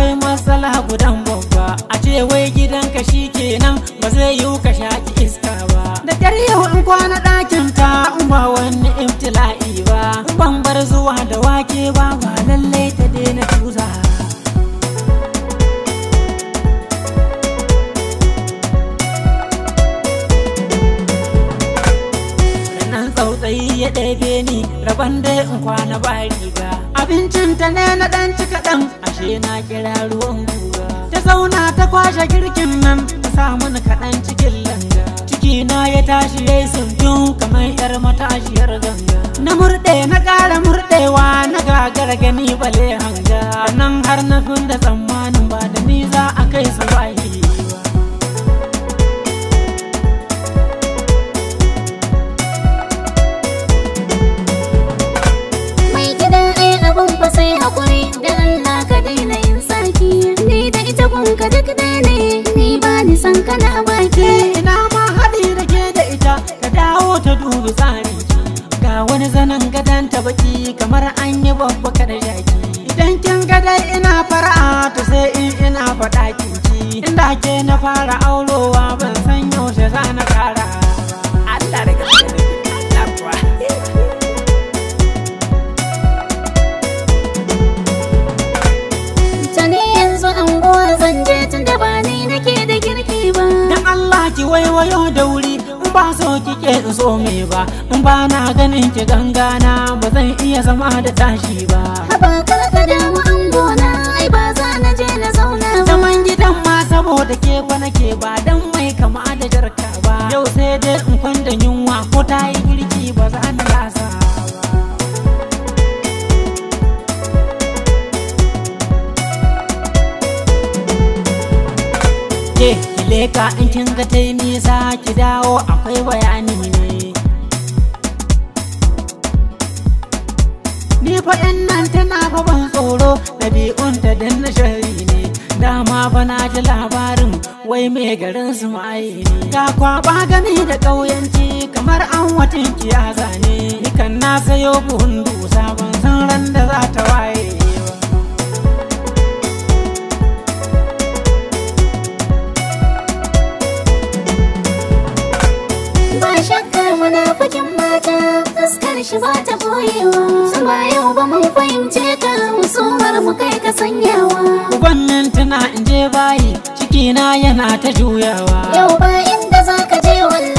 akwai matsala gudan babba a ce wai gidanka shi kenan ba zai yiwu ka shaki iska ba da kyar yau in kwana ɗakin ka ba wani imtila'i ba ban bar zuwa da wake ba ba lallai ta daina tuza tsautsayi ya ɗebe ni rabon dai in kwana ba riga abincin ta ne na dan cika kaɗan ashe na kira ruwan guga ta zauna ta kwashe girkin nan ta samu kaɗan cikin langa ciki na ya tashi yayi sunju kamar yar matashiyar ganga na murde na gara murdewa. na gagara gani bale hanga nan har na gunda ka duk ne ni ba ni san kana wake eh, ina ma haɗi da ke da ita ka dawo ta dubi tsari ga wani zanen gadon ta baki kamar an yi babba kada shaki idan kin gada ina fara'a to sai in ina faɗa kinki inda ke na fara aulowa ba ki waiwayo da wuri in ba so kike in so me ba in ba na ganin ki gangana ba zan iya zama da tashi ba haba karka da mu an gona ai ba za na je na zauna zaman gidan ma saboda ke fa nake ba dan mai kama da jarka ba yau sai dai in kwanda yunwa ko ta yi girki ba za na lasa Yeah. leka in kin ga ta yi nisa ki dawo akwai bayani ne ni fa in nan tana fa ban tsoro ɗabi'un ta na shari ne dama fa na ji labarin wai mai garin su ma'ayi ne ga kwaba gani da ƙauyanci kamar an watan zane. ne nikan na sayo buhun dusa ban san ran da za ta waye mafakin mata fuskar shi ba ta boyewa ba yau ba mun fahimce ka musumar mu kai ka sanyawa ubannin tana inje bayi ciki na yana ta juyawa yau ba inda za ka je wani